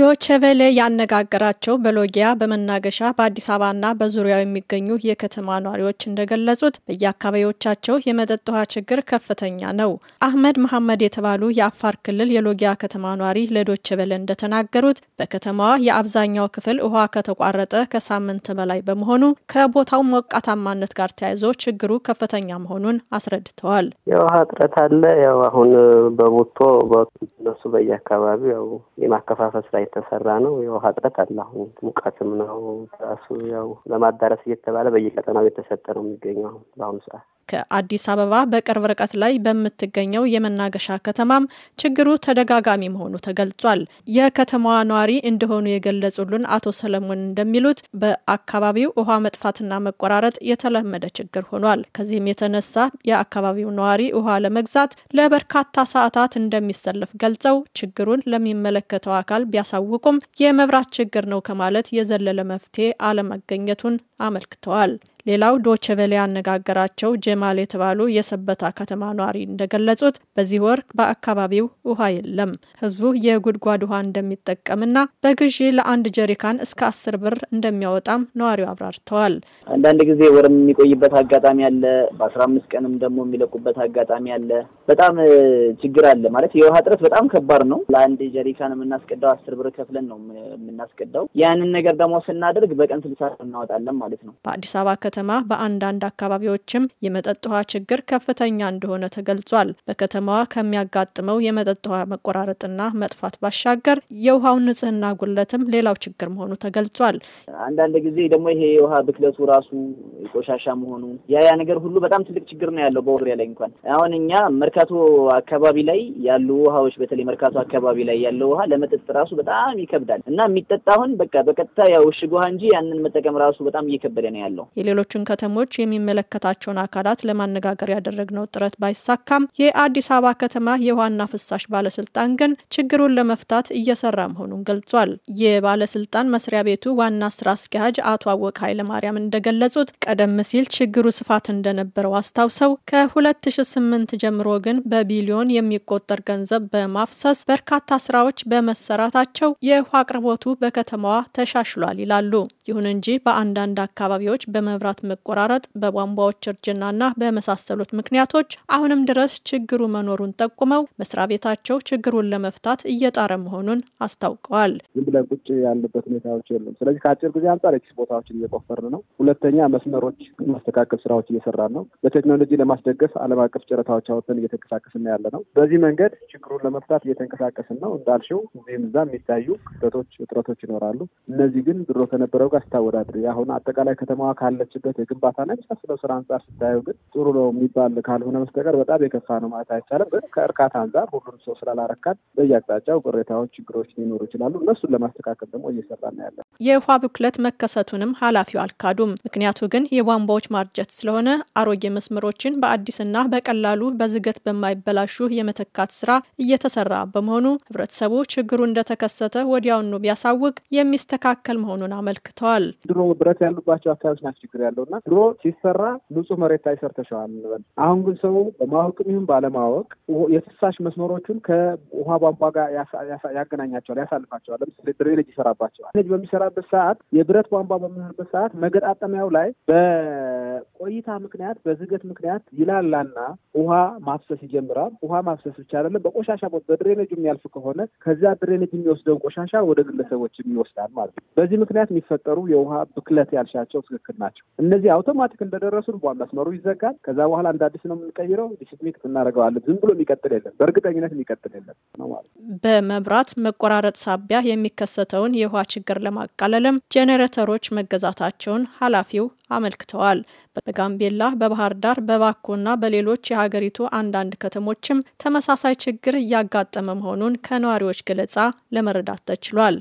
ዶቸቬሌ ያነጋገራቸው በሎጊያ በመናገሻ በአዲስ አበባና በዙሪያው የሚገኙ የከተማ ነዋሪዎች እንደገለጹት በየአካባቢዎቻቸው የመጠጥ ውሃ ችግር ከፍተኛ ነው። አህመድ መሐመድ የተባሉ የአፋር ክልል የሎጊያ ከተማ ነዋሪ ለዶቸቬሌ እንደተናገሩት በከተማዋ የአብዛኛው ክፍል ውሃ ከተቋረጠ ከሳምንት በላይ በመሆኑ ከቦታው ሞቃታማነት ጋር ተያይዞ ችግሩ ከፍተኛ መሆኑን አስረድተዋል። የውሃ እጥረት አለ። ያው አሁን በቦቶ እነሱ በየአካባቢው ያው የማከፋፈል ስራ የተሰራ ነው። የውሃ እጥረት አለ። አሁን ሙቀትም ነው ራሱ ያው ለማዳረስ እየተባለ በየቀጠናው የተሰጠ ነው የሚገኘው በአሁኑ ሰዓት ከአዲስ አበባ በቅርብ ርቀት ላይ በምትገኘው የመናገሻ ከተማም ችግሩ ተደጋጋሚ መሆኑ ተገልጿል። የከተማዋ ነዋሪ እንደሆኑ የገለጹልን አቶ ሰለሞን እንደሚሉት በአካባቢው ውሃ መጥፋትና መቆራረጥ የተለመደ ችግር ሆኗል። ከዚህም የተነሳ የአካባቢው ነዋሪ ውሃ ለመግዛት ለበርካታ ሰዓታት እንደሚሰለፍ ገልጿል። ገልጸው ችግሩን ለሚመለከተው አካል ቢያሳውቁም የመብራት ችግር ነው ከማለት የዘለለ መፍትሄ አለመገኘቱን አመልክተዋል። ሌላው ዶቸቨሌ ያነጋገራቸው ጀማል የተባሉ የሰበታ ከተማ ኗሪ እንደገለጹት በዚህ ወር በአካባቢው ውሃ የለም። ህዝቡ የጉድጓድ ውሃ እንደሚጠቀምና በግዢ ለአንድ ጀሪካን እስከ አስር ብር እንደሚያወጣም ነዋሪው አብራርተዋል። አንዳንድ ጊዜ ወርም የሚቆይበት አጋጣሚ አለ። በአስራ አምስት ቀንም ደግሞ የሚለቁበት አጋጣሚ አለ። በጣም ችግር አለ ማለት የውሃ እጥረት በጣም ከባድ ነው። ለአንድ ጀሪካን የምናስቀዳው አስር ብር ከፍለን ነው የምናስቀዳው። ያንን ነገር ደግሞ ስናደርግ በቀን ስልሳ እናወጣለን ማለት ነው። በአዲስ አበባ ከተማ በአንዳንድ አካባቢዎችም የመጠጥ ውሃ ችግር ከፍተኛ እንደሆነ ተገልጿል። በከተማዋ ከሚያጋጥመው የመጠጥ ውሃ መቆራረጥና መጥፋት ባሻገር የውሃው ንጽህና ጉለትም ሌላው ችግር መሆኑ ተገልጿል። አንዳንድ ጊዜ ደግሞ ይሄ የውሃ ብክለቱ ራሱ ቆሻሻ መሆኑ ያ ያ ነገር ሁሉ በጣም ትልቅ ችግር ነው ያለው። በወሬ ላይ እንኳን አሁን እኛ መርካቶ አካባቢ ላይ ያሉ ውሃዎች በተለይ መርካቶ አካባቢ ላይ ያለው ውሃ ለመጠጥ ራሱ በጣም ይከብዳል እና የሚጠጣ አሁን በቃ በቀጥታ ያው እሽግ ውሃ እንጂ ያንን መጠቀም ራሱ በጣም እየከበደ ነው ያለው። የሌሎቹን ከተሞች የሚመለከታቸውን አካላት ለማነጋገር ያደረግነው ጥረት ባይሳካም የአዲስ አበባ ከተማ የውሃና ፍሳሽ ባለስልጣን ግን ችግሩን ለመፍታት እየሰራ መሆኑን ገልጿል። የባለስልጣን መስሪያ ቤቱ ዋና ስራ አስኪያጅ አቶ አወቅ ኃይለማርያም እንደገለጹት ቀደም ሲል ችግሩ ስፋት እንደነበረው አስታውሰው ከ2008 ጀምሮ ግን በቢሊዮን የሚቆጠር ገንዘብ በማፍሰስ በርካታ ስራዎች በመሰራታቸው የውሃ አቅርቦቱ በከተማዋ ተሻሽሏል ይላሉ። ይሁን እንጂ በአንዳንድ አካባቢዎች በመብራት መቆራረጥ፣ በቧንቧዎች እርጅናና በመሳሰሉት ምክንያቶች አሁንም ድረስ ችግሩ መኖሩን ጠቁመው መስሪያ ቤታቸው ችግሩን ለመፍታት እየጣረ መሆኑን አስታውቀዋል። ዝም ብለን ቁጭ ያለበት ሁኔታዎች የሉም። ስለዚህ ከአጭር ጊዜ አንጻር ቦታዎችን እየቆፈርን ነው። ሁለተኛ መስመሩ ነገሮች የማስተካከል ስራዎች እየሰራን ነው። በቴክኖሎጂ ለማስደገፍ ዓለም አቀፍ ጨረታዎች አወጥተን እየተንቀሳቀስን ያለ ነው። በዚህ መንገድ ችግሩን ለመፍታት እየተንቀሳቀስን ነው። እንዳልሽው እዚህም እዛ የሚታዩ ክፍተቶች፣ እጥረቶች ይኖራሉ። እነዚህ ግን ድሮ ከነበረው ጋር ስታወዳድር አሁን አጠቃላይ ከተማዋ ካለችበት ላይ የሚሳስለው ስራ አንጻር ስታየው ግን ጥሩ ነው የሚባል ካልሆነ መስተቀር በጣም የከፋ ነው ማለት አይቻልም። ግን ከእርካታ አንጻር ሁሉም ሰው ስላላረካን በየአቅጣጫው ቅሬታዎች፣ ችግሮች ሊኖሩ ይችላሉ። እነሱን ለማስተካከል ደግሞ ነው ያለን የውሃ ብክለት መከሰቱንም ኃላፊው አልካዱም። ምክንያቱ ግን የቧንቧዎች ማርጀት ስለሆነ አሮጌ መስመሮችን በአዲስና በቀላሉ በዝገት በማይበላሹ የመተካት ስራ እየተሰራ በመሆኑ ህብረተሰቡ ችግሩ እንደተከሰተ ወዲያውኑ ቢያሳውቅ የሚስተካከል መሆኑን አመልክተዋል። ድሮ ብረት ያሉባቸው አካባቢዎች ናቸው ችግር ያለውና ድሮ ሲሰራ ንጹህ መሬት ላይ ሰርተሸዋል እንበል። አሁን ግን ሰው በማወቅም ይሁን ባለማወቅ የፍሳሽ መስመሮቹን ከውሃ ቧንቧ ጋር ያገናኛቸዋል፣ ያሳልፋቸዋል። ለምሳሌ ድሬነጅ ይሰራባቸዋል። ነጅ በሚሰራበት ሰዓት የብረት ቧንቧ በሚሆንበት ሰዓት መገጣጠሚያው ላይ በ 哎。በቆይታ ምክንያት በዝገት ምክንያት ይላላና ውሃ ማፍሰስ ይጀምራል። ውሃ ማፍሰስ ብቻ አይደለም፣ በቆሻሻ በድሬኔጅ የሚያልፍ ከሆነ ከዚያ ድሬኔጅ የሚወስደውን ቆሻሻ ወደ ግለሰቦች ይወስዳል ማለት ነው። በዚህ ምክንያት የሚፈጠሩ የውሃ ብክለት ያልሻቸው ትክክል ናቸው። እነዚህ አውቶማቲክ እንደደረሱን በ መስመሩ ይዘጋል። ከዛ በኋላ እንደ አዲስ ነው የምንቀይረው፣ ዲስሚክስ እናደርገዋለን። ዝም ብሎ የሚቀጥል የለም፣ በእርግጠኝነት የሚቀጥል የለም ነው ማለት በመብራት መቆራረጥ ሳቢያ የሚከሰተውን የውሃ ችግር ለማቃለልም ጄኔሬተሮች መገዛታቸውን ኃላፊው አመልክተዋል። በጋምቤላ፣ በባህር ዳር፣ በባኮና በሌሎች የሀገሪቱ አንዳንድ ከተሞችም ተመሳሳይ ችግር እያጋጠመ መሆኑን ከነዋሪዎች ገለጻ ለመረዳት ተችሏል።